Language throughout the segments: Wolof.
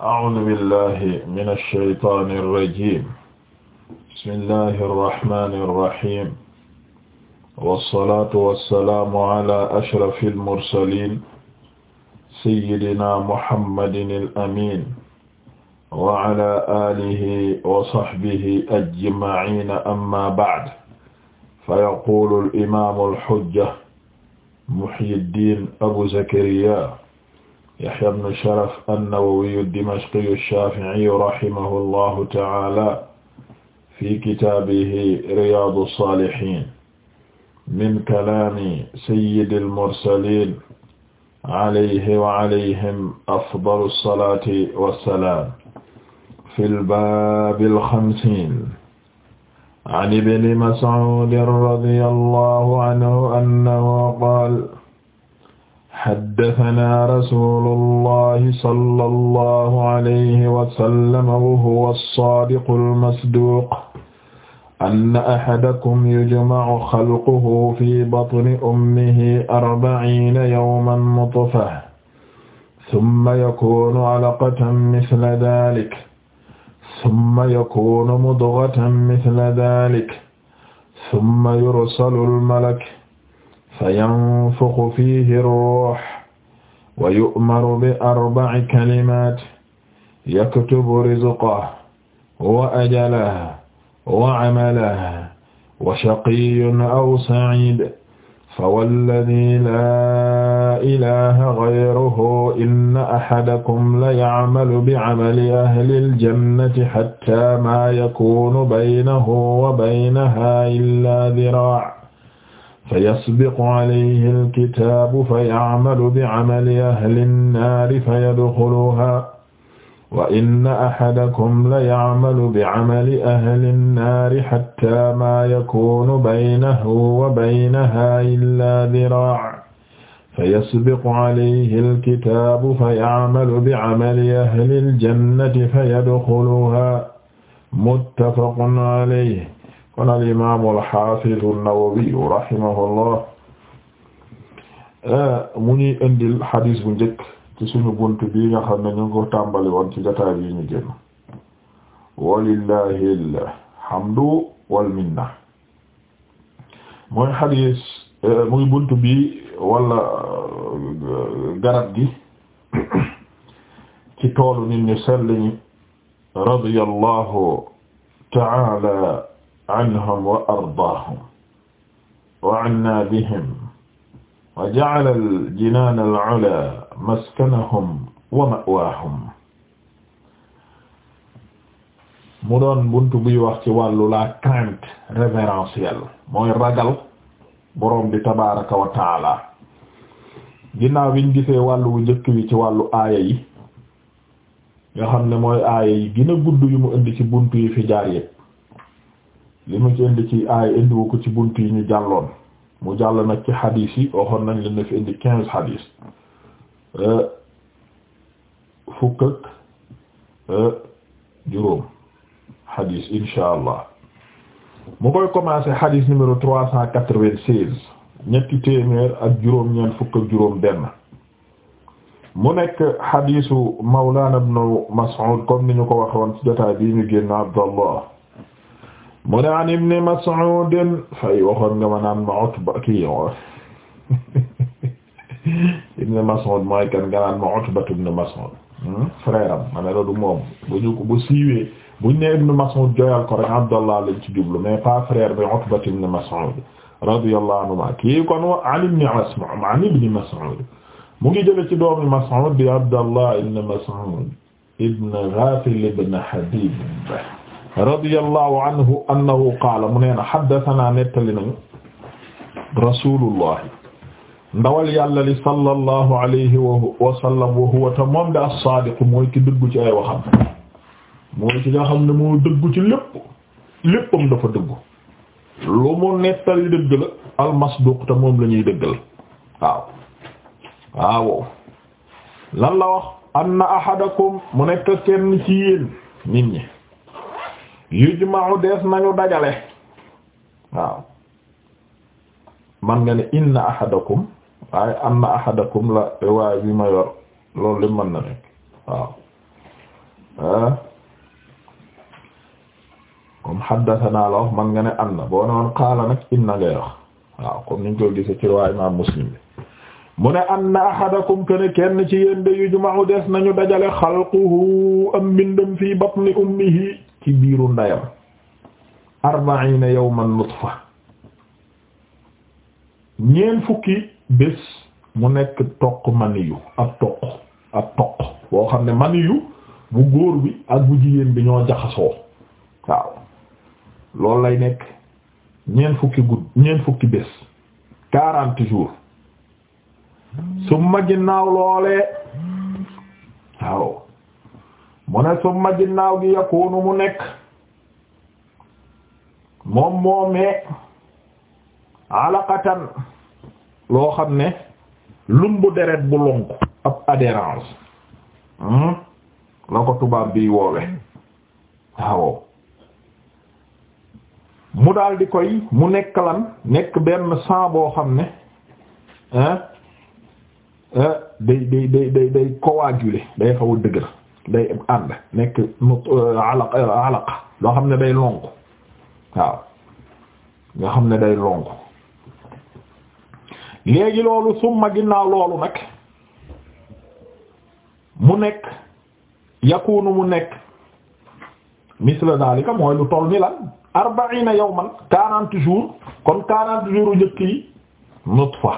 أعوذ بالله من الشيطان الرجيم بسم الله الرحمن الرحيم والصلاة والسلام على أشرف المرسلين سيدنا محمد الأمين وعلى آله وصحبه أجمعين أما بعد فيقول الإمام الحجة محي الدين أبو زكريا Yahya ibn Sharaf an-Nawawi ad-Dimashqi ash-Shafi'i rahimahu llahu ta'ala fi kitaabihi Riyaadu as-Saalihiin min kalaami sayyidil mursaliin alayhi wa alayhim afdalu as-salaati was-salaam fil baabil xamsiin an Ibni Mas'uud radiyallahu anhu annahu qaala xaddasanaa rasuulullahi sallallahu alayhi wa sallam wa huwa as-saadiqul masduuq anna axadakum yujmacu xalquhu fi batni ummihi arbaciina yawman nutfa summa yakuunu calaqatan misla daalik summa yakuunu mudgatan misla daalik summa yursalu al-malak fa yanfuxu fiihi ruux wa yu'maru bi arba'i kalimaat yaktubu rizqahu wa ajalahu wa amalahu wa shaqiyyun aw sa'iid fawalladii laa ilaaha gayruhu inna ahadakum laya'malu bi'amali ahlil jannati hattaa maa yakuunu baynahu wa baynahaa illaa diraa' فيسبق عليه الكتاب فيعمل بعمل أهل النار فيدخلها وإن أحدكم ليعمل بعمل أهل النار حتى ما يكون بينه وبينها إلا ذراع فيسبق عليه الكتاب فيعمل بعمل أهل الجنة فيدخلها متفق عليه kon al imaamu al-Haafiz an-Nawawi rahimahullah eh, mu ñuy indil hadis bu njëkk ci suñu bunt bii nga ne ñu ngi ko tàmbali woon ci jotaay yi ñu génn alhamdu wal minna mooy hadis eh, bunt bi wala eh, garab gi ci toolu nit ñu sell ta'ala anhum wa ardaahum wa anna bihim wa ja'ala al-jinaan al-'ulaa wa ma'waahum mu doon bunt buy wax ci wàllu la crainte révérentielle mooy ragal boroom bi tabaaraka wa ta'aala ginnaaw biñ gisee wàllu wu njëkk wi ci wàllu aaya yi nga xam ne mooy aaya yi gën a gudd yu mu indi ci buntu yi fi jaar yépp li mu ci indi ci aay indiwu ko ci bunt yi ñu jàlloon mu jàll nag ci xadiis yi waxoon nañ leen na fi indi quinze xadiis euh, fukk ak euh, juróom xadiis insha allah mu koy commencer xadiis numéro trois cent quatre-vingt-seize ñetti téeméer ak juróom ñeent fukk ak juróom benn mu nekk xadiisu Mawlana ibnu Mas'ud comme ni ñu ko waxoon ci jotaay bii ñu génn Abdallah mu ne an ibn Mas'ud fay waxoon nga ma naan ma Utba ma hmm? moom bu ñu bu ne ibn Mas'ud joyal ko rek Abdallah lañ ci jublu mais pas frère bi Utba ibn Mas'ud radiyallahu anhuma kii kon wa an ibn Mas'ud an ibn Mas'ud mu ngi jële ci Habib radiyallahu anhu annahu qaala mu neena haddathana nettali nañu rasulullahi ndawal yàlla li sallallahu alayhi wa sallam wa huwa ta de as-saadiq mooy ki dëggu ci ay waxam mooy ki nga xam ne moo dëggu ci lépp léppam dafa dëggu lu mu nettali dëgg al-masduq te moom la ñuy dëggal waaw waaw lan la wax anna ahadakum mu nekk kenn ci yéen nit ñi yujma'u dees nañu dajale waaw man nga ne inna ahadakum waaye anna ahadakum la riwaay bi ma yor loolu li mën na nekk waaw eh? comme haddathana la wax man nga ne anna boo ne woon qaala nag inna ngay wax waaw comme niñ koy gise ci riwaay imaam muslim bi mu ne anna ahadakum kene kenn ci yéen de yujma'u nañu dajale xalquhu am mbindam fii batni ummihi ci biiru ndayam arbaina yawman nutfa ñeent fukki bés mu nekk toq maniyu ab toq ab toq boo xam ne maniyu bu góor bi ak bu jigéen bi ñoo jaxasoo waaw loolu lay nekk ñeent fukki gudd ñeent fukki bés quarante jours su ma ginnaaw loolee waaw mu ne summa ginnaaw gi yakunu mu nekk moom moomee alaqatan loo xam ne lumbu deret bu lonk ab adhérence hmm? la ko tubaab bi woowe waaw mu daal di koy mu nekk lan nekk benn sang boo xam ne eh, day day day day day coagulé day xaw a dëgër day ànd nekk mu euh, alaq euh, alaq loo xam ne day lonk waaw nga xam ne day lonk léegi loolu summa ginnaaw loolu nag mu nekk yakunu mu nekk misla dalika mooy lu toll ni lan arbaina yawman quarante jours kon quarante jours njëkk yi nutfa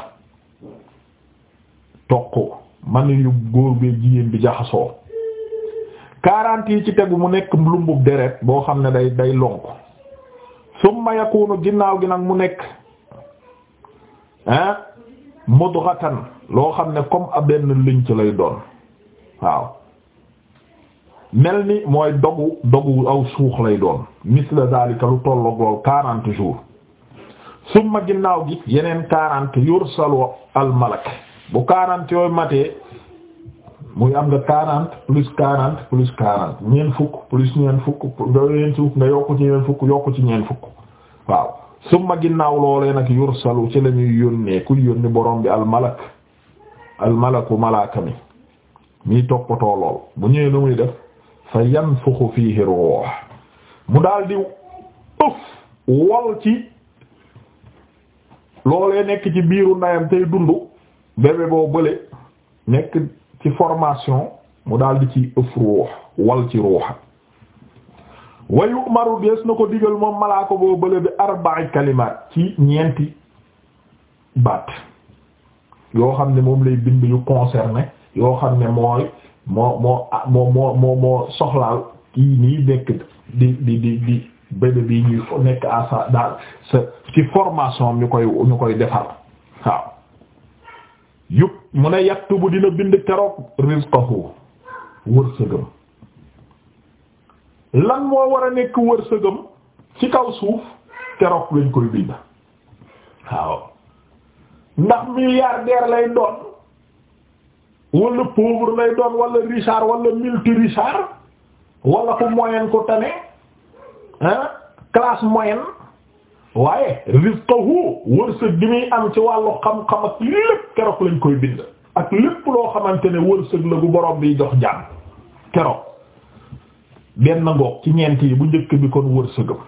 toq man yu góor bee jigéen bi jaxasoo quarante yi ci tegu mu nekk lumbub deret boo xam ne day day lonk summa yakunu ginnaaw gi nag mu nekk ah mudghatan loo xam ne comme ab benn liñ ci lay doon waaw mel ni mooy dogu dogu aw suux lay doon misla zalika lu tolloog lool quarante jours summa ginnaaw gi yeneen quarante yursalu al malak bu quarante yooyu matee muy am nga quarante plus quarante plus quarante ñeent fukk plus ñeent fukk ñeent fukk nga yokk ci ñeent fukk yokk ci waaw summa ginnaaw loolee nag yursalu ci la yónnee ku yónni borom bi almalak almalaku malaaka mi miy toppatoo lool bu ñëwee nu muy def fa yanfuxu fiihi ruux mu daal di wol ci loolee nekk ci biiru ndayam tey dund bébé boo bële nekk ci formation mu daal di ciy ruux wal ci ruuxa wayu maru dees na ko digal moom malaaka boo bële bi arba'i ci ñeenti baat yoo xam ne moom lay bind yu concerné yoo xam ne mooy moo moo ah, moo moo moo soxlaal kii nii nekk di di di di bébé bi ñuy nekk à daal ci formation ñu koy ñu koy defar waaw yëpp mu ne yaktubu dina bind keroog rizqahu wërsëgam lan moo war a nekk wërsëgam ci kaw suuf keroog lañ koy bind waaw ndax milliardaire lay doon wala pauvre lay doon wala richard wala multi richard wala ku moyenne ku tane ah classe moyenne waaye rizqahu wërsëg gi muy am ci wàllu xam-xam ak lépp keroog lañ koy bind ak lépp loo xamante ne wërsëg la bu borom bi jox jàmm keroog benn ngoog ci ñeent yi bu njëkk bi kon wërsëgam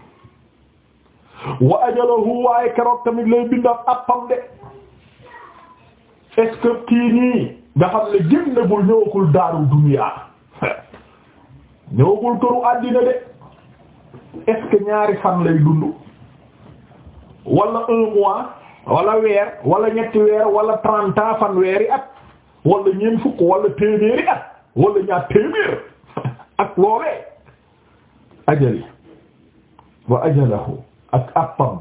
wa ajalahu waaye keroog tamit lay bind ak appam de est kii nii nga xam ne génnagul ñëwagul daaru duniyaa ñëwagul këru àddina de est ñaari fan lay dund wala un mois wala weer wala ñetti weer wala trente ans fan weeri at wala ñeent fukk wala téeméeri at wala ñaar téeméer ak loolee ajali wa ajalahu ak appam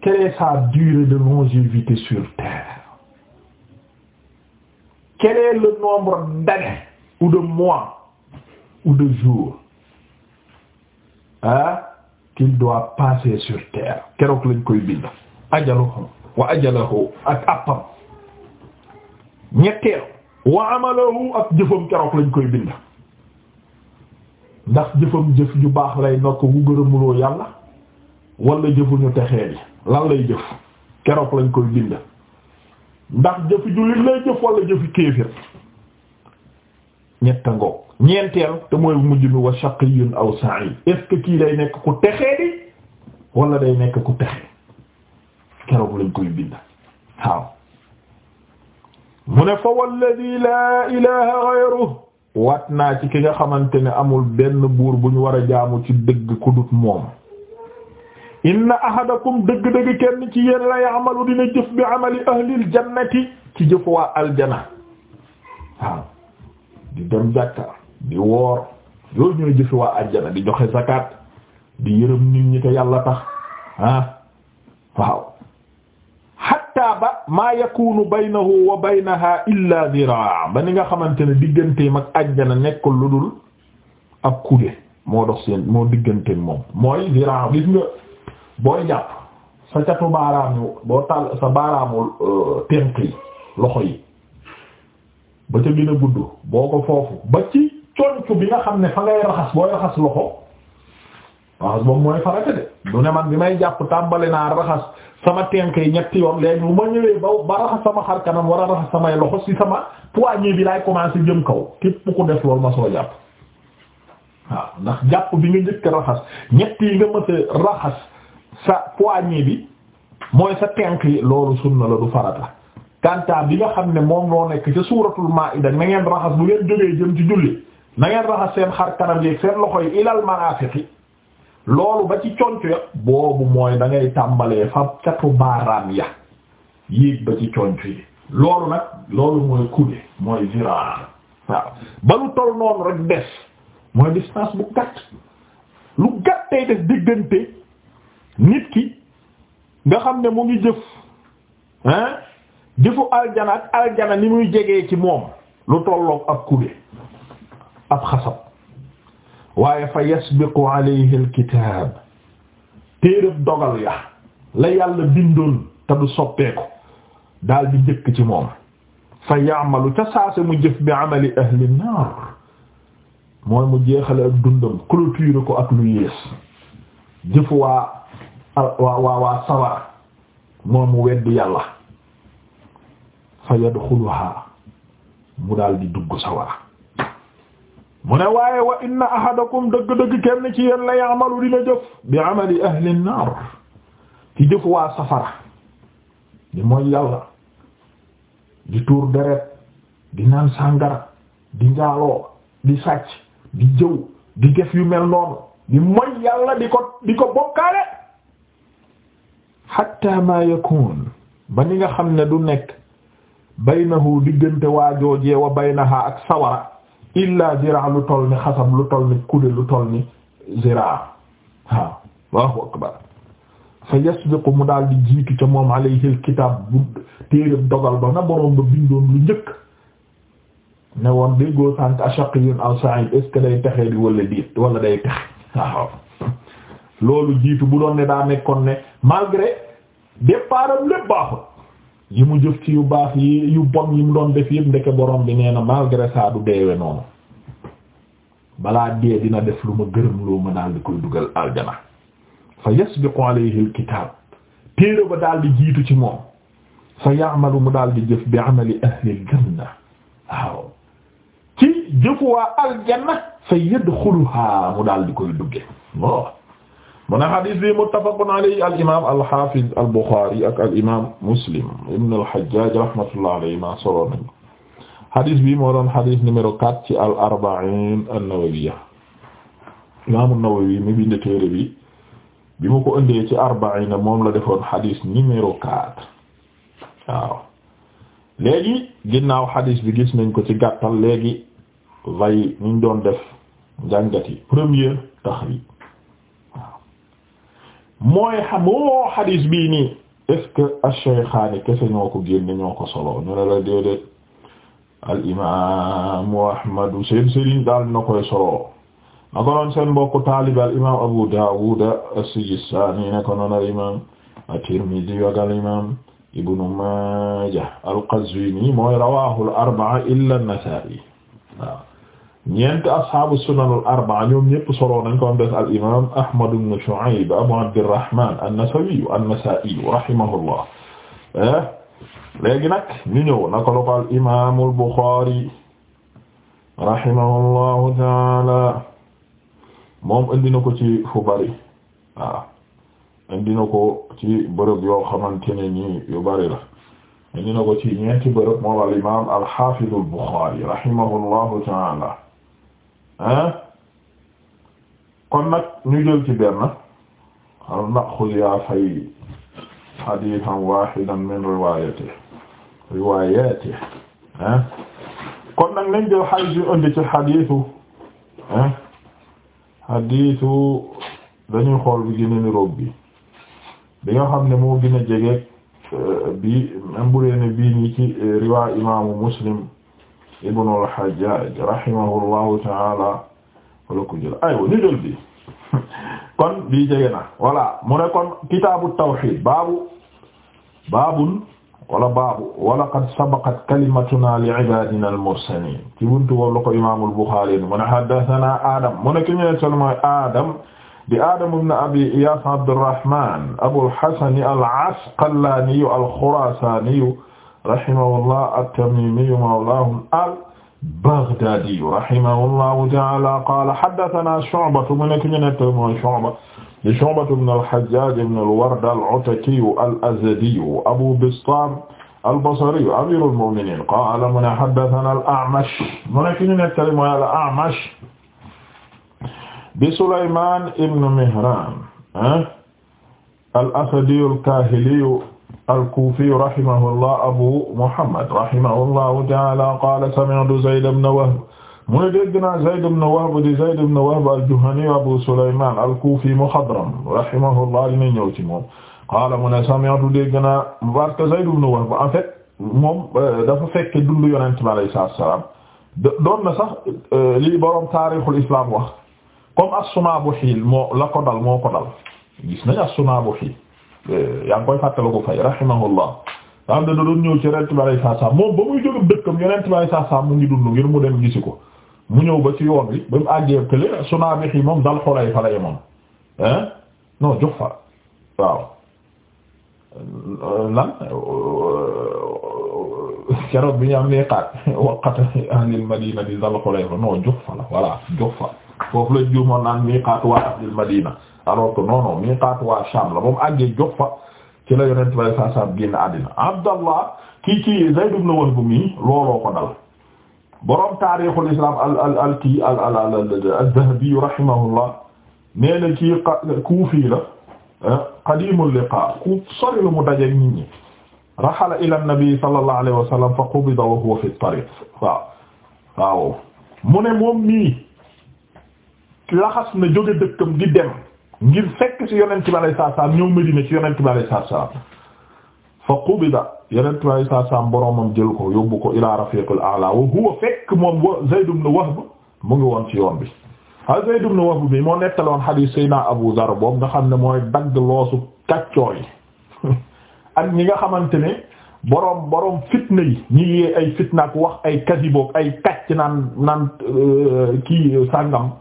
quelle est sa durée de longévité sur terre quel le nombre d'années ou de mois ou de jours ah qu'il doit passer sur terre keroog lañ koy bind ajaluhum wa ajalahu ak àppam ñetteel wa amalahu ak jëfam keroog lañ koy bind ndax jëfam jëf ju baax lay nokk bu gërëmuloo yàlla wala jëfuñu texee yi lan lay jëf keroog lañ koy bind ndax jëfi jullit lay jëf wala jëfi kéefir ñetta ngoog ñeenteel te mooy mujj mi wa shaqiyyun aw sa'id est kii day nekk ku texee di wala day nekk ku texe keroog lañ koy bind waaw mu ne fa walladi laa ilaha ghayruhu waat naa ci ki nga xamante ne amul benn buur bu ñu war a jaamu ci dëgg ku dut moom inna ahadakum dëgg-dëgg kenn ci yéen la ya'malu dina jëf bi amali ahlil jannati di dem jàkka di woor yooyu ñooy jëfi waa àjjana di joxe zakat di yërëm nit ñi te yàlla tax ah waaw hatta ba maa yakunu baynahu wa baynaha illa diraa ba ni nga xamante ne digganteem ak àjjana nekkul lu dul ak kude moo dox seen moo digganteeg moom mooy diraa gis nga sa catu baaraam boo tàll sa baaraamu euh, tenk yi loxo yi ba ca gën a gudd boo ko foofu ba ci conc bi nga xam ne fa ngay raxas booy raxas loxo raxas boobu mooy farata de du ne man bi may jàpp tàmbali naa raxas sama tenk yi ñetti yoon léegi bu ma ñëwee ba ba raxas sama xar kanam war a raxas samay loxo ci sama poignée bi laay commencé jëm kaw képp ku def loolu ma soo jàpp waaw ndax jàpp bi nga njëkk raxas ñetti yi nga mës raxas sa poignée bi mooy sa tenk yi loolu sunna la du farata kanta bi nga xam ne moom loo nekk ca suuratul maa'ida na ngeen raxas bu ngeen jógee jëm ci julli na ngeen raxas seen xar kanam yi seen loxo yi ilal marafiqi loolu ba ci conco ya boobu mooy da ngay tàmbalee fa catu baaraam ya yéeg ba ci conco yi loolu nag loolu mooy kude mooy ziraa waaw ba lu toll noonu rek des mooy distance bu gàtt lu gàttee des diggante nit ki nga xam ne mu ngi jëf hein jëfu aljana ak aljana ni muy jege ci moom lu tolloog ab kube ab xasab waaye fa yasbiqu alayhi alkitaab téerab dogal ya la yàlla bindoon te du soppeeku daal di njëkk ci moom fa yaamalu ca saase mu jëf bi amali ahli naar mooy mu jeexale ak dundam clôture ko ak lu yées jëfu waa waa waa sawar moom mu weddu yàlla fa yadxuluha mu daal di dugg sawara mu ne waaye wa inna ahadakum dëgg-dëgg kenn ci yéen la ya'malu dina jëf bi amali ahli an ci jëf waa safara di mooy yàlla di tuur deret di naan sàngara di njaaloo di sàcc di jëw di def yu mel noonu di mooy yàlla di ko bokkaale hatta ma yakun ba ni nga xam ne du nekk baynahu diggante waajoojee wa baynaha ak sawara illa zira lu toll ni xasam lu toll ni kude lu toll ni zira waaw Allahu akbar fa yasbiqu mu daal di jiitu ca moom alayhi alkitaab bu téeréb dogal ba na boroom ba bindoon lu njëkk ne woon déggoo sànq ashaqiyun aw sa'id est ce day texee di wala diit wala day texe waaw loolu jiitu bu doon ne daa nekkoon ne malgré départam lépp baaxul yi mu jëf ci yu baax yi yu bon yi mu doon def yëpp ndeke borom bi nee na malgré ça du deewe noonu balaa dee dina def lu ma gërëm loo ma daal di koy dugal aljana fa yasbiqu alayhi alkitab téere ba daal di jiitu ci moom fa yaamalu mu daal di jëf bi amali ahli aljanna waaw ci jëfuwaa aljanna fa yadxuluha mu daal di koy dugge waaw mu ne xadis bi muttafaqun alayhi al imaam al xaafiz ak al imaam muslim ibn al hajjaaj rahmatullah alayhimaa solo nañu xadis bi moo doon xadis numéro 4 ci al arba'iin an-nawawiyya imaam an-nawawi mi bind téere bi bi mu ko indee ci arba'iin moom la defoon xadis numéro 4 waaw léegi ginnaaw xadis bi gis nañ ko ci gàttal léegi vay ñu doon def njàngat yi premier taxriij mooy moo xadis bii nii est-ce que ash-shaykhaani kese ñoo ko génne ñoo ko solo al imaamu ahmadu seen sëriñ daal na koy solo na ko noon al imaam abu daawud as-sijistaani na ko al imaam at-tirmidhi ak al imaam ibnu al-qazwiini mooy rawaahu al illa an-nasaa'i ñeent a sunanul arbaa ñoom ñëpp solo nañ ko am des a imaam Ahmad ibn Shu'ayb Abu Abdirrahman an-Nasawi an-Nasa'i rahimahullah eh? léegi nag ñu ñëw na ko la ko al imaam al-Bukhari rahimahullahu ta'ala moom indi na ko ci fu bari waaw indi na ko ci bërëb ne bari la indi na ko ci ñeenti bërëb moom ta'ala ah kon nag ñu jël ci benn al naqul yaa fay hadithan wahidan min riwayati riwayati ah kon nag lañ jël xadis yu indi ci xadisu ah xadisu dañuy xool bi gën a niroog bi bi nga xam ne moo gën a jege euh, bi même bu dee ne ci euh, riwaa imaamu muslim ibnu al-Hajjaj rahimahullahu ta'ala wala ko jël aywa ñu jël bi kon bii jege na voilà mu ne kon kitaabu tawhid baabu baabun wala baabu wala qad sabaqat kalimatuna li ibadina al-mursalin ci buntu boobu la ko imaamul Bukhari mu ne haddathana Adam mu ne ki ñu ne mooy Adam di Adam ibn Abi Iyas Abdurrahman Abul Hasan al-Asqalani al-Khurasani rahimahullah at-Tamimi mawlahum al-Baghdadi rahimahullahu ta'ala qala haddathana Shu'ba mu nekk ñu nekk mooy Shu'ba di Shu'ba ibn al-Hajjaj ibn al-Ward al-Ataki al-Azdi Abu Bistam al-Basri amir al-mu'minin qala mu ne haddathana al-A'mash mu nekk ñu nekk mooy al-A'mash di Sulayman ibn Mihran ah, al-Asadi al-Kahili al-Kufi rahimahullah Abu Muhammad rahimahullahu ta'ala qala sami'tu Zayd ibn Wahb mu ne dégg naa Zayd ibn Wahb di Zayd ibn Wahb al-Juhani Abu Sulayman al-Kufi mukhadram rahimahullah dina ñëw ci moom qaala mu ne sami'tu dégg naa parce que Zayd ibn Wahb en fait moom euh, dafa fekk dund Yonent bi alayhi salaam doon na sax euh, lii borom taarixul islam wax comme as-Sunabuhil moo la ko dal moo ko dal gis nañ as-Sunabuhil yaa ngi koy fàttala ko fay rahimahullah nga xam ne da doon ñëw ci yonent bi alayhi salaam moom ba muy jógam dëkkam mu ko ñëw ba ci yoon bi ba mu àggee kële Sunaabix yi moom dal xolay fa la yemoon hein bi ñu am nee xaat waqat yi madina di dal xolay fa la voilà jox fa foofu la juumoon naan mii waa ahlil madina alors que non non miiqaatu waa Sham la moom àggee jox fa ci la yonent bi saa saa génn àddina Abdallah kii kii Zayd ibn Wahb mi looloo ko dal borom taarixul islam al al al kii al al al az-Zahabi rahimahullah nee na kii Kuufi la ah, qadiimul liqaa ku sori lu mu dajeeg nit ñi. raxala ila nabi sallallahu alayhi wa sallam fa qubida wa huwa fi tariq waaw waaw mu ne moom mii laxas na jóge dëkkam di dem. ngir fekk ci yonent bi alayhi salaam ñëw Medina ci yonent bi alayhi salaam fa qubida yonent bi alayhi salaam boromam jël ko yóbbu ko ila rafiqil a'la wa huwa fekk moom Zayd ibn Wahb mu ngi woon ci yoon bi. ah Zayd ibn Wahb bi moo nettaloon hadiis Seydina Abu Zarr boobu nga xam ne mooy dagg loosu kàccoor yi ak ñi nga xamante ne boroom boroom fitna yi ñi yee ay fitna wax ay kasibook ay kàcc naan naan euh, kii sàngam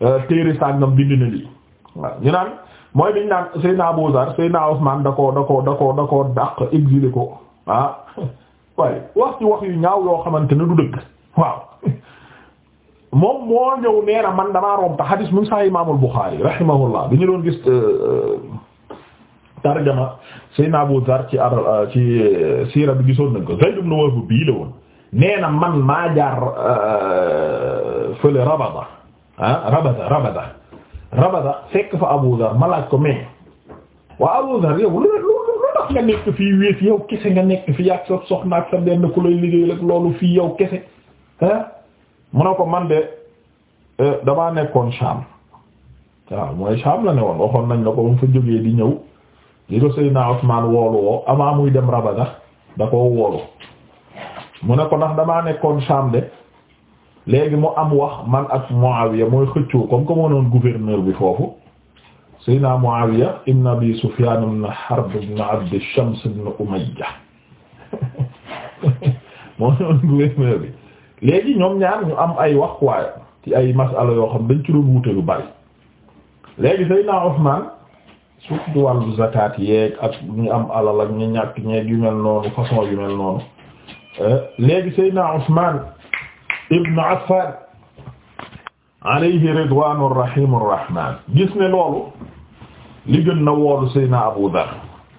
euh, téere sàngam bind na lii. waaw ñu naan mooy biñ naan Seydina Abu Zar Seydina Usman da koo da koo da koo da koo dàq exilé ko ah wax ci wax yu ñaaw yoo xamante ne du dëgg waaw moom moo ñëw nee man damaa romb ta xadis mu sax Imaamul Buxaari rahimahullah bi ñu doon gis euh, euh, tarjama Seydina Abu Zar ci euh, ci siira bi gisoon nañ ko Zayd ibn Wahb bii la woon man maa jaar fële Rabada ah, Rabada Rabada rabada fekk fa Abu Dhar ko mais waa Abu yow lu lu tax nga nekk fii wéet yow kese nga nekk fi ak sa soxna ak benn ku lay liggéey rek loolu fii yaw kese ah mu ko man de euh, damaa nekkoon Sham waaw mooy Sham la ne woon waxoon nañ la ko ba mu fa jógee di ñëw di ko Seydina Usmaan woolu woo avant muy dem rabada da koo woolu mu ne ko ndax damaa nekkoon Sham de. léegi mu am wax man ak Muawiya mooy xëccoo comme comme noonu gouverneur bi foofu Seydina Muawiya ibn Abi Sufyan ibn Harb ibn Abd Shams ibn Umayya moo noonu gouverneur bi léegi ñoom ñaar ñu am ay wax waaye ci ay masala yoo xam dañ ci doon wuute lu bari léegi Seydina Usman surtout wàllu zakat yeeg ak ñu am alal ak ñu ñàkk ñeeg yu mel noonu façon yu mel noonu euh, léegi Seydina Usman ibn Affan alayhi ridwanu rahim rahman gis loolu li gën na woolu Seydina Abu Dhar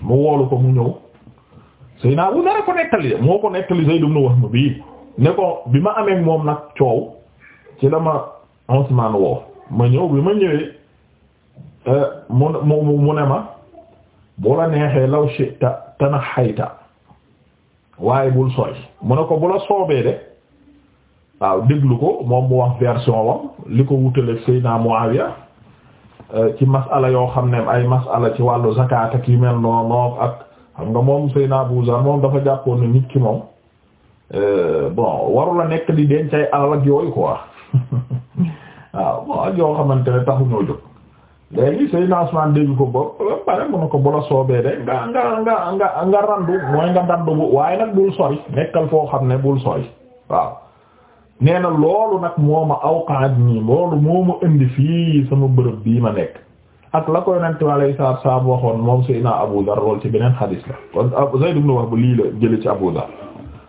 mu woolu ko mu ñëw Seydina Abu Dhar ko nettali moo ko nettali Zayd ibn Wahm bii ne ko bi ma amee moom nag coow ci la ma Usman woo ma ñëw bi ma ñëwee eh, mu ne ma bu la neexee law shi'ta tanaxayta waaye bul sooy mu ne ko bu la soobee de waaw déglu ko moom mu wax version wam li ko wutale mois Muawiya euh, ci masala yoo xam ne ay masala ci wàllu zakat ak yu mel noonu ak xam nga moom Seydina Abu Zar moom dafa jàppoon na nit ki moom euh, bon waru nekk di dencay alal ak yooyu quoi waaw bon ak yoo xamante ne taxuñoo jóg léegi Seydina Usmaan dégg ko ba pare mun na ko bala soobee de nga nga nga nga nga randu mooy nga randu bu waaye nag bul sori nekkal foo xam ne bul sori waaw nee na loolu nag moo ma awqaat nii loolu moo ma indi fii sama bërëb bii ma nekk ak la koy nante alayhi salaatu salaam waxoon moom Seydina Abu Dar loolu ci beneen xadis la kon Zayd ibn Wahb lii la jële ci Abu Dar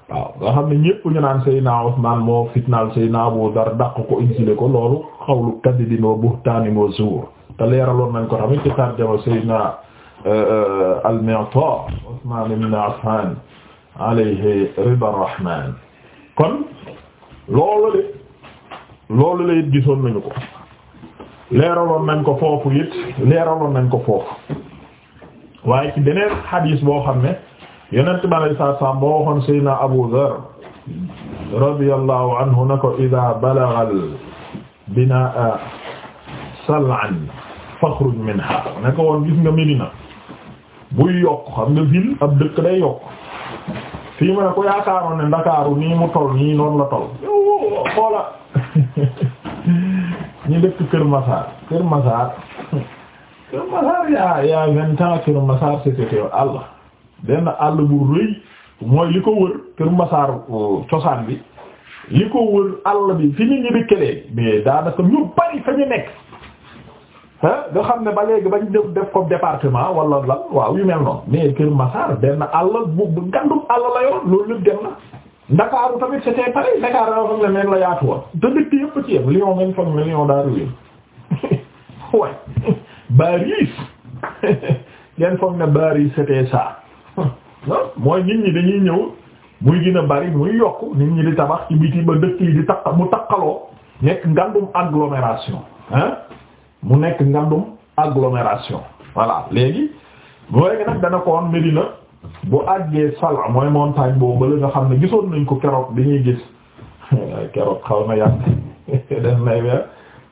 waaw nga xam ne ñépp ñu naan Seydina Usmaan moo fitnaal Seydina Abu Dar daq ko injile ko loolu xawlu kadibin wa buhtaanin wa zuur te leeraloon nañ ko tamit ci tarjama Seydina euh, euh, al-Mi'taa Usmaan ibn Affaan alayhi ridaa ar-Rahmaan kon loolu de loolu la it gisoon nañu ko leeraloon nañ ko foofu it leeraloon nañ ko foofu waaye ci beneen xadiis boo xam ne yonent bi alayhi salaatu salaam boo waxoon Seydina Abu Dharr radiyallahu anhu na ko idaa balagal binaa sal'an fakhruj minha ne ko woon gis nga Medina buy yokk xam nga ville ab dëkk day yokk fii mu ne ko yaakaaroon ne Ndakaaru nii mu toll nii noonu la toll xoola ñu dëkk Kër Masar Kër Masar Kër Masar yaa yaa vingt ans Kër Masar c'était àll benn àll bu rëy mooy li ko wër Kër Masar euh, cosaan bi li ko wër àll bi fi ñu ñu dëkkalee mais daanaka ñu bari fa ñu nekk nga xam ne ba léegi ba def def ko département wala lan waaw yu mel noonu mais Kër Masar benn àll bu bu àll la yoon loolu lépp dem na Ndakaaru tamit c'était pareil Dakar dafa am ne la yaatu te dëkk yëpp ci yëpp Lyon ngeen foog ne Lyon daa réer waaye Paris foog ne Paris c'était ça mooy nit ñi dañuy ñëw muy gën bari muy yokk nit ñi di tabax ci biti ba dëkk yi di takk mu takkaloo nekk ngandum agglomération ah mu nekk ngandum agglomération voilà léegi bu nag dana Medina. bu àggee sala mooy montagne boobu bala nga xam ne gisoon nañ ko keroog bi ñuy gis keroog xaw na yàgg def nay weer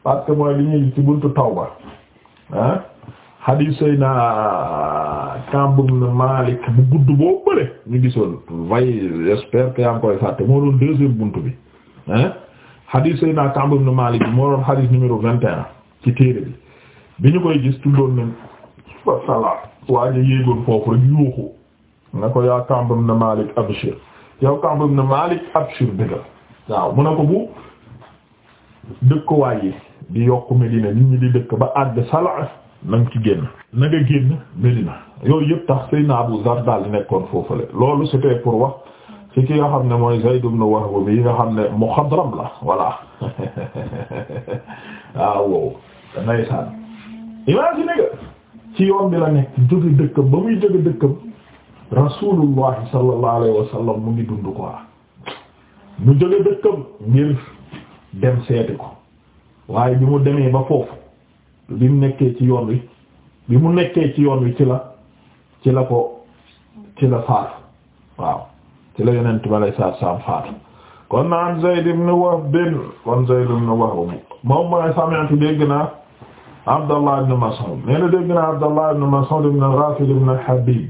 parce que mooy li ñuy ci buntu tawba ah hadis say na kambum na Malik bu gudd boo bële ñu gisoon vay j'espère que koy fàtte moo doon deuxième buntu bi ah hadis say na kambum na Malik bi moo doon hadis numéro vingt ci téere bi bi ñu koy gis tuddoon nañ fa sala waaja yéegoon foofu rek yuuxu na ko yaa Ka'b ibn Malik abshir yow Ka'b ibn Malik abshir bëgga waaw mu ne ko bu dëkkuwaay yi di yokk Medina nit ñi di dëkk ba àgg Sal'a na ki ci génn na nga génn Medina yooyu yëpp tax Seydina Abu Zar daal di nekkoon foofule loolu c'était pour wax ci ki nga xam ne mooy Zayd ibn Wahb bi nga xam ne muxadram la voilà waaw ah, wow danay saan imagine nga ci yoon bi la nekk jóge dëkkam ba muy jóge dëkkam rasulullah sallallahu alayhi wa sallam mu ngi dund ko mu jóge dëkkam ngir dem seeti ko waaye bi mu demee ba foofu bi mu nekkee ci yoon wi bi mu nekkee ci yoon wi ci la ci la ko ci la faatu waaw ci la yonent balay saat saam faatu kon na an Zayd ibn Wahb kon Zayd ibn Wahb moom mooy sami'tu dégg naa Abdallah ibn Mas'ud nee na dégg naa Abdallah ibn Mas'ud ibn Ghafil ibn Habib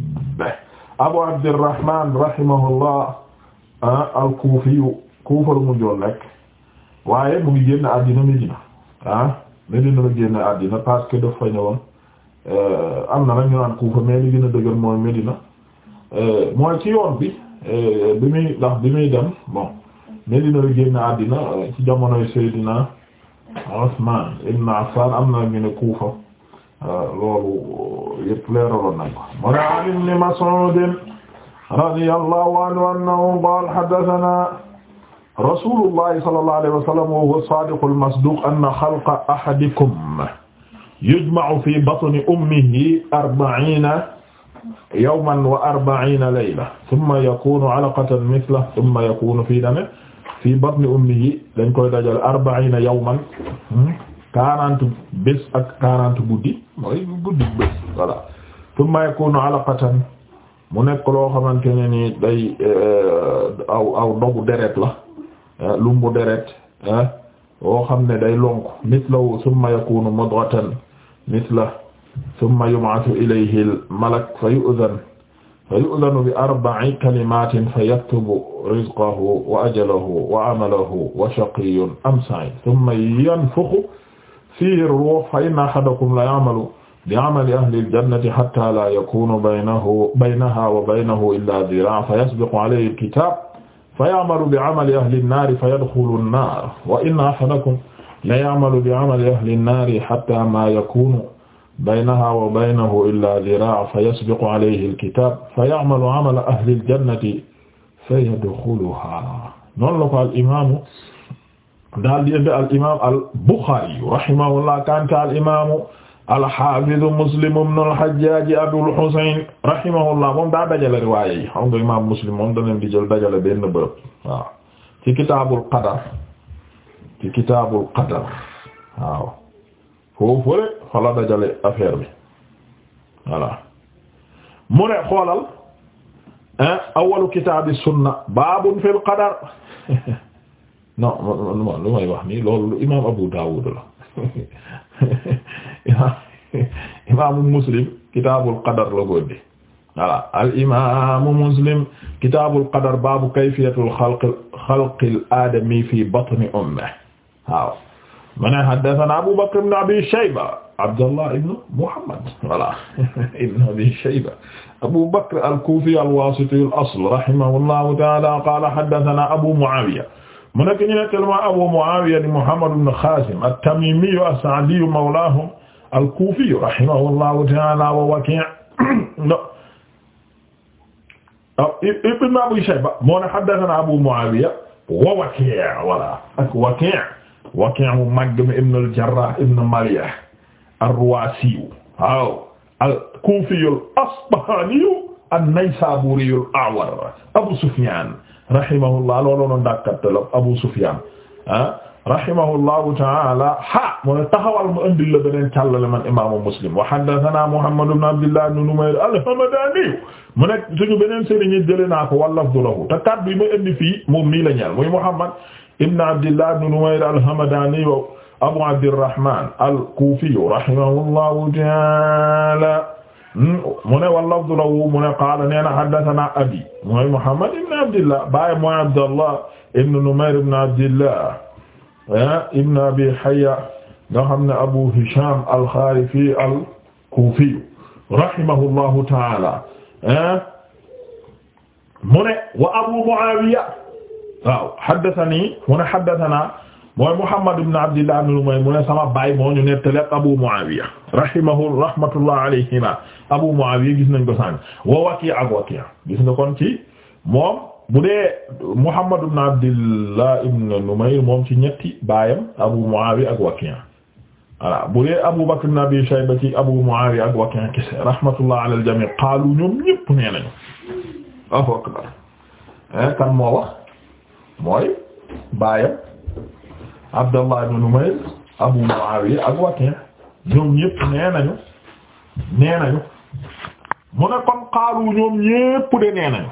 Abu Abdirrahman rahimahullah ah, al-Kufi Kufa la mujjoon nekk waaye mu ngi génn àddina Medina ah Medina la génn àddina parce que dafa ñëwoon eh, am na nag ñu naan Kufa mais li gën a dëgër mooy Medina eh, mooy ci yoon bi eh, bi muy ndax bi muy dem bon Medina la génn àddina ci jamonoy Seydina Usman ibn Affan am na ñu ne Kufa. loolu yëpp leeraloon nañ ko mu ne an ibni Mas'uudin radiyallahu anhu annahu qaala haddathanaa rasuulullahi sallallahu alayhi wa sallam wa huwa as-saadiqul masduuq anna xalqa ahadikum yujma'u fii batni ummihi arba'iina yawman wa arba'iina layla thumma yakuunu 'alaqatan mithlahu thumma yakuunu fii dama fii batni ummihi dañ koy dajal arba'iina yawman hmm? quarante bés ak quarante guddi mooy guddi bés voilà tumma yakunu alaqatan mu nekk loo xamante ne ni day eh, aw aw dogu deret la eh, lumbu deret eh, woo xam ne day lonk mislahu summa yakunu mudghatan mislahu summa yub'athu ilayhi al-malak fa yu'dhan fa yu'dhanu bi arba'i kalimatin fa yaktubu rizqahu wa ajalahu wa amalahu wa shaqiyyun am sa'id summa yanfukhu fiihi ruux fa inna ahadakum la ya'malu bi 'amali ahli al-jannati hatta la yakunu baynahu baynaha wa baynahu illa dhira' fa yasbiqu 'alayhi al-kitab fa ya'malu bi 'amali ahli an-nar fa yadkhulu an-nar wa inna ahadakum la ya'malu bi 'amali ahli an-nar hatta ma yakunu baynaha wa baynahu illa dhira' fa yasbiqu 'alayhi al-kitab fa ya'malu 'amala ahli al-jannati fa yadkhuluha noonu la ko al-imam daal di indi al imaam al Buxaari rahimahullah kanta al imaamu al haafizu Muslim ibnu al Hajjaaj Abul Husayn rahimahullah moom daa dajale riwaaya yi xam nga imaam Muslim moom danañ di jël dajale benn bërëb waaw ci kitaabul qadar ci kitaabul qadar waaw foofu rek fa la dajale affaire bi voilà mu ne xoolal awalu kitaabi sunna baabun fil qadar non lu may wax nii loolu imaam Abu Dawud la imaamu Muslim kitaabul qadar la góode voilà al imaamu Muslim kitaabul qadar baabu kayfiyatul xalq xalqil aadami fi batni ummihi waaw mu ne haddasanaa Abu Bakr ibn Abi Shayba Abdullah ibn Muhammad voilà ibn Abi Shayba Abu Bakr al-Kufi al-Wasiti al-asl rahimahullahu ta'ala qaala haddasanaa Abu Mu'aawiya mu nekk ñu nettali ma Abu Muawiya di Muhammad ibn Xaasim at-Tamimi as-Sa'di mawlaahum al-Kufi rahimahullahu ta'ala wa Waki' oh, ibn Abi Shayba moo ne haddathana Abu Muawiya wa Waki' wala ak Waki' Waki' mu màgg mi ibn al-Jarrah ibn Malih ar-Ruwasi waaw al-Kufi al-Asbahani an-Naysaabuuriyul A'war Abu Sufyaan rahimahullah looloo doon dàkkattalam Abu Sufyaan ah rahimahullahu ta'aala ha mu ne taxawal mu andil la beneen càllale man imaamu Muslim wa haddathanaa Muhammad ibn Abdillah ibn Numayr al-Hamdaani mu nekk suñu beneen sëriñ jëlee naa ko wallafdu lahu te kat bi ma indi fii moom mii la ñeel muy Muhammad ibn Abdillah ibn Numayr al-Hamdaani wa Abu Abdirrahmaan al-Kuufi rahimahullahu ta'aala mu ne wal lafdu lahu mu ne qaala nee na haddathana abi mooy Muhammad ibn Abdillah baay mooy Abdallah ibn Numayr ibn Abdillah ah, ibn Abi Hayya nga xam ne Abu Hisham al-Kharifi al-Kufi rahimahullahu ta'ala ah. mu ne wa Abu Muawiya waaw haddathani mu ne haddathana mooy Muhammad ibn Abdillah ibn Numayr mu ne sama baay moo ñu nettali Abu Muawiya rahimahu rahmatullah alayhima Abu Muawiya gis nañ ko sànq wa Waki' ak Waki' gis nga kon ci moom bu dee Muhammad ibn Abdillah ibn Numayr moom ci ñetti baayam Abu Muawiya ak Waki' voilà bu dee Abu Bakr ibn Abi Shayba ci Abu Muawiya ak Waki' kese rahmatullah ala al-jami' qaalu ñoom ñëpp nee nañu Allahu akbar eh, kan moo wax mooy baayam Abdallah ibn Numayr Abu Muawiya ak Waki' ñoom ñëpp nee nañu nee nañu mu ne kon xaalu ñoom ñépp de nee nañ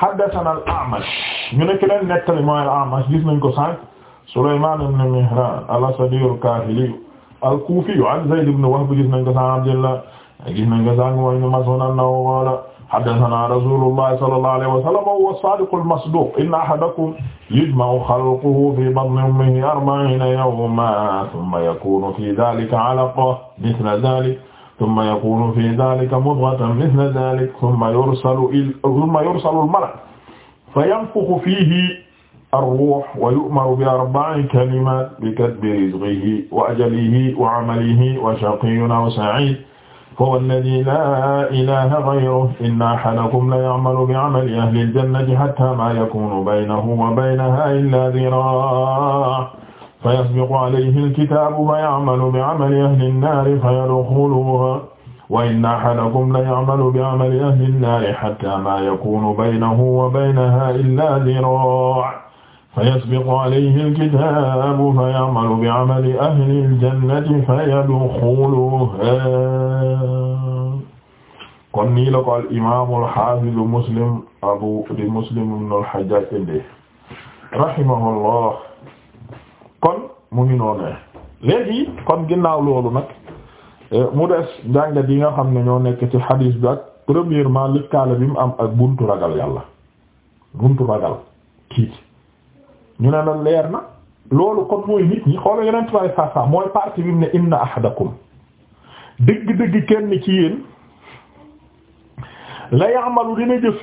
haddathana al-A'mash ñu ne ki leen nettali mooy al-A'mash gis nañ ko sànq Sulaymaan ibn Mihraan al-Asadi al-Kaahili al-Kuufi an Zayd ibn Wahb gis nañ ko sànq Abdullah gis nañ ko sànq mooy ñu masoon annahu qaala haddathana rasuulullahi sallallahu alayhi wa sallam wa huwa as-saadiqu al-masduuq inna ahadakum yujma'u khalquhu fii batni ummihi arba'iina yawman thumma yakuunu fii dhaalika 'alaqatan mithla dhaalika tumma yakunu fi dhalika mudghatan mithla dhalika thumma yursalu il thumma yursalu al-malak fa yanfukhu fihi ar-ruh wa yu'maru bi arba'i kalimat bi katbi rizqihi wa ajalihi wa 'amalihi wa shaqiyyun aw sa'id فهو الذي لا إله غيره إن أحدكم ليعمل بعمل أهل الجنة حتى ما يكون بينه وبينها إلا ذراع fa yasbiqu alayhi alkitaabu fa ya'malu bi'amali ahli nnaari fa yadxuluha wa inna ahadakum la ya'malu bi'amali ahli nnaari hattaa maa yakuunu baynahu wa baynahaa illaa diraa' fa yasbiqu alayhi alkitaabu fa ya'malu bi'amali ahli aljannati fa yadxuluha kon nii la ko al imaamu al-haafizu Muslim Abu di Muslim ibnu al-Hajjaaj rahimahullah mu ngi noonu léegi kon ginnaaw loolu nag eh, mu des njàngat yi nga xam ne ñoo nekk ci hadis bi ak premièrement lëkkaale bi mu am ak buntu ragal yàlla buntu ragal tiit ñu ne la leer na loolu kon mooy nit ñi xoola yeneen tubaab saa saa mooy partie bi mu ne inna ahadakum dëgg-dëgg kenn ci yéen la ya'malu dina jëf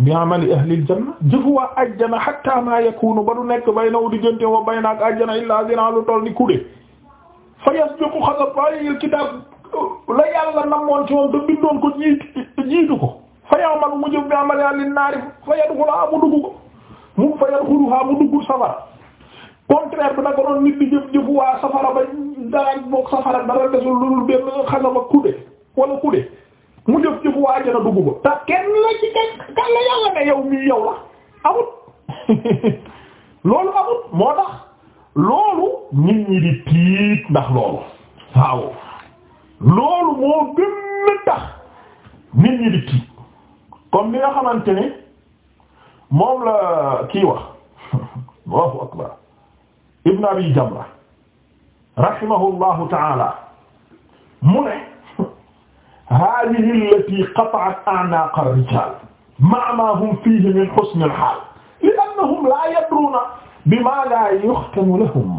bi amali ahlil janna jëfu waa ajjana hatta ma yakunu ba du nekk baynawu diggante wa bayna ajjana illaa zina lu ni kude fa yasbiqu xalqal kitaab la yàlla namoon ci moom te bindoon ko jiitu jiitu ko fa ya'malu mu jëf bi amali ahlin naari fa yadxuluhaa mu ko mu fa safara contraire bi naka doon nit di jëf safara ba dara boog safara dara desul lu dul wala kude. mu jëf jëf waa jana dugg ba te kenn la ci kenn kan yow mii yow la amut loolu amut moo tax loolu nit ñi di tiit ndax loolu waaw loolu moo gën a tax nit ñi di tiit comme li nga xamante ni moom la kii wax akbar Ibn Abi Jamra rahimahullahu ta'ala mu ne haadihi llatii qata'at a'naaqa ar-rijaal ma'a maa hum fiihi min husni al-haal li-annahum laa yadruuna bimaa laa yuxtamu lahum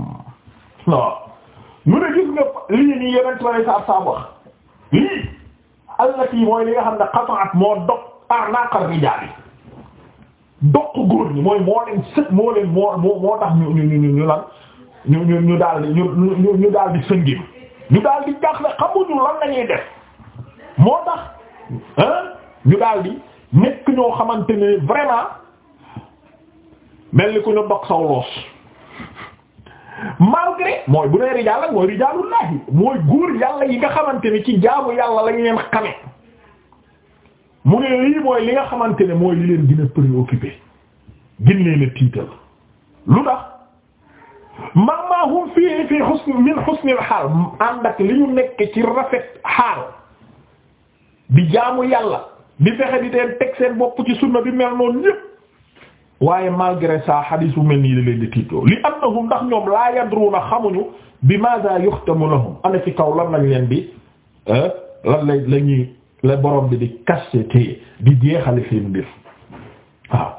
waaw ñu ne gis nga lii nii yeneen traçais à saa wax lii allatii mooy li nga xam ne qata'at moo dog a'naaqa ar-rijaal dog góor ñi mooy moo leen sët moo leen moo moo tax ñu ñu ñu ñu lan ñu ñu ñu daal di ñu ñu daal di sëngin ñu daal di jaaxle xamuñu lan lañuy def. moo tax ñu daal di nekk ñoo xamante ne vraiment mel ni ku ñu bokk saw loos malgré mooy bu nee rijaal ak mooy rijaalullahi mooy góor yàlla yi nga xamante ne ci jaamu yàlla lañu leen xame mu ne lii mooy li nga xamante ne mooy li leen gën a préoccupé gën leen tiital lu tax mamahum fii fi husn min husnil xaal ànd ak li ñu nekk ci rafet xaal di jaamu yàlla di fexe di leen teg seen bopp ci sunna bi mel noonu ñépp waaye malgré ça xadiis bu mel nii da leen di tiitloo li annahum ndax ñoom laa yadruuna xamuñu bi maza yuxtamu lahum ana ci kaw lan lañ leen di euh, lan lay la ñuy la borom bi di kaste téye di jeexale seen mbir waaw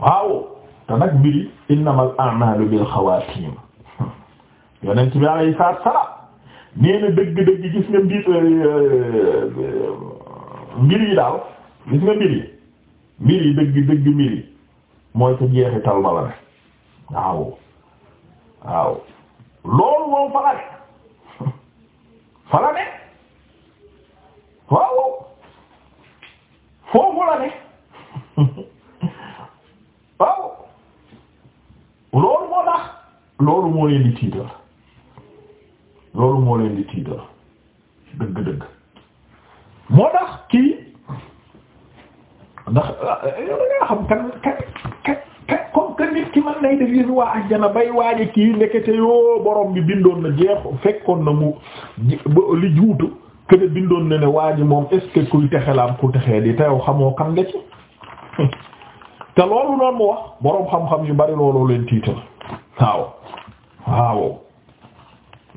waaw te nag mbiri bi a'malu bil xawaatim yonent bi alayhi salaam nee na dëgg-dëgg gis nga mbir euh, euh, mbir yi gis nga mbir yi mbir yi dëgg dëgg mbir yi mooy sa jeexital ma la ne waaw waaw loolu moom fala ne fala ne waaw foofu la ne waaw loolu tiital loolu moo leen di tiital dëgg-dëgg moo tax kii ndax yow da ngaa xam kan kan kan kan comme que ki man nay def yéen waa ajjana bay waaje kii ndekete yoo borom bi bindoon na jeex fekkoon na mu li juutu que ne bindoon na ne waa ji moom est-ce que kuy texe la am ku texee di te yow xamoo kan nga ci te loolu noon mu wax boroom xam-xam yu bari looloo leen tiital waaw waaw.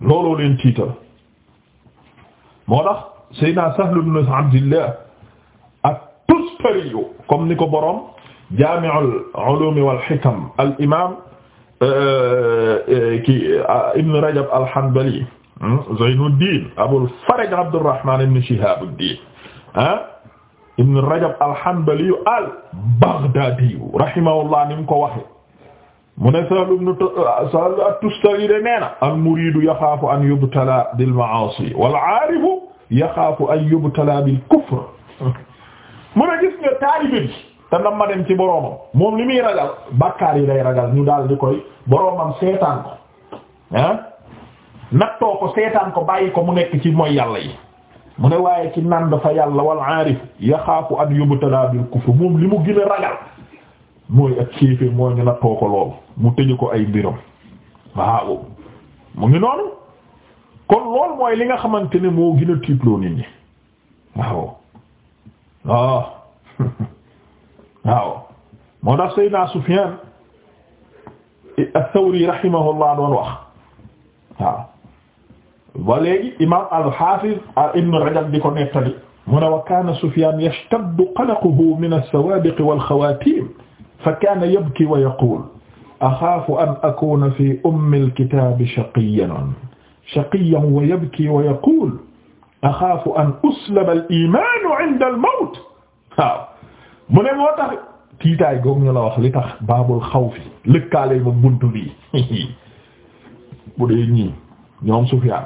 looloo leen tiital moo tax Seydina Sahl ibn Abdillah at-Tustari comme ni ko boroom Jaami'ul Ulum wal Hikam al imaam euh, euh, kii euh, Ibn Rajab al-Hanbali hmm, Zaynuddin Abul Faraj Abdurrahman ibn Shihabuddin ah Ibn Rajab al-Hanbali al-Baghdadi rahimahullah ni mu ko waxe mu ne Sahl ibn ah, Sahl at-Tustari de nee na al-muridu yaxaafu an yubtala bil ma'aasi wal aarifu yaxaafu an yubtala bil kufr mu ne gis nga taalibe bi te nam ma dem ci boroomam moom li muy ragal bàkkaar yi lay ragal ñu daal di koy boroomam seetaan ko ah nattoo ko seetaan ko bàyyi ko mu nekk ci mooy yàlla yi waaye ci nan dafa yàlla wal aarif yaxaafu an yubtala bil kufr moom li mu gën a ragal mooy ak kéeféer mooy ñu nattoo ko loolu mu tëju ko ay mbiram waaw mu ngi noonu kon loolu mooy li nga xamante ne moo gën a tiitloo nit ñi waaw waaw waaw moo tax Seydina Sufyan ath-Thawri rahimahullah doon wax waaw ba léegi al-Hafiz Ibn Rajab di ko nettali mu ne wa kana Sufyan yashtaddu qalaquhu min as-sawabiq wal khawatim fa kaana yabki wa yaqul axaafu an akuna fi ummi alkitaabi shaqiyan shaqiyan wa yabki wa yaqul axaafu an uslaba al imaanu inda al mawt waaw mu ne moo tax tiitaay goog ñu la wax li tax baabul xawfi lëkkaale ma buntu bi bu dee ñii ñoom Sufyaan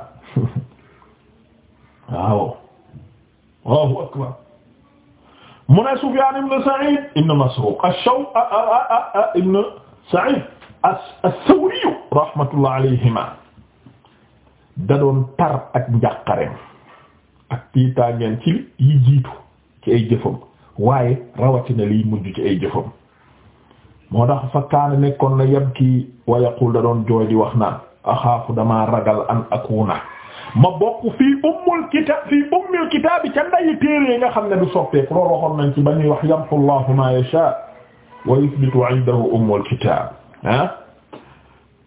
waaw Allahu akbar mu ne Sufyaan ibn Sa'iid ibn Masruuq ash-Shaw ibn Sa'iid as-Sawri rahmatullah alayhima da doon tar ak njàqareem ak tiitaangeen ci yi jiitu ci ay jëfam waaye rawatina liy mujj ci ay jëfam moo tax fa kaana nekkoon na yabki wa yaqul da doon jooy di wax naan axaafu damaa ragal an akuna ma bokk fii ummul kitaab fii ummul kitaab bi ca ndayi téere nga xam ne du soppeeku loolu waxoon nañ ci ba ñuy wax yamhu Allahu ma yasha wa yuthbitu 'indahu ummul kitaab ah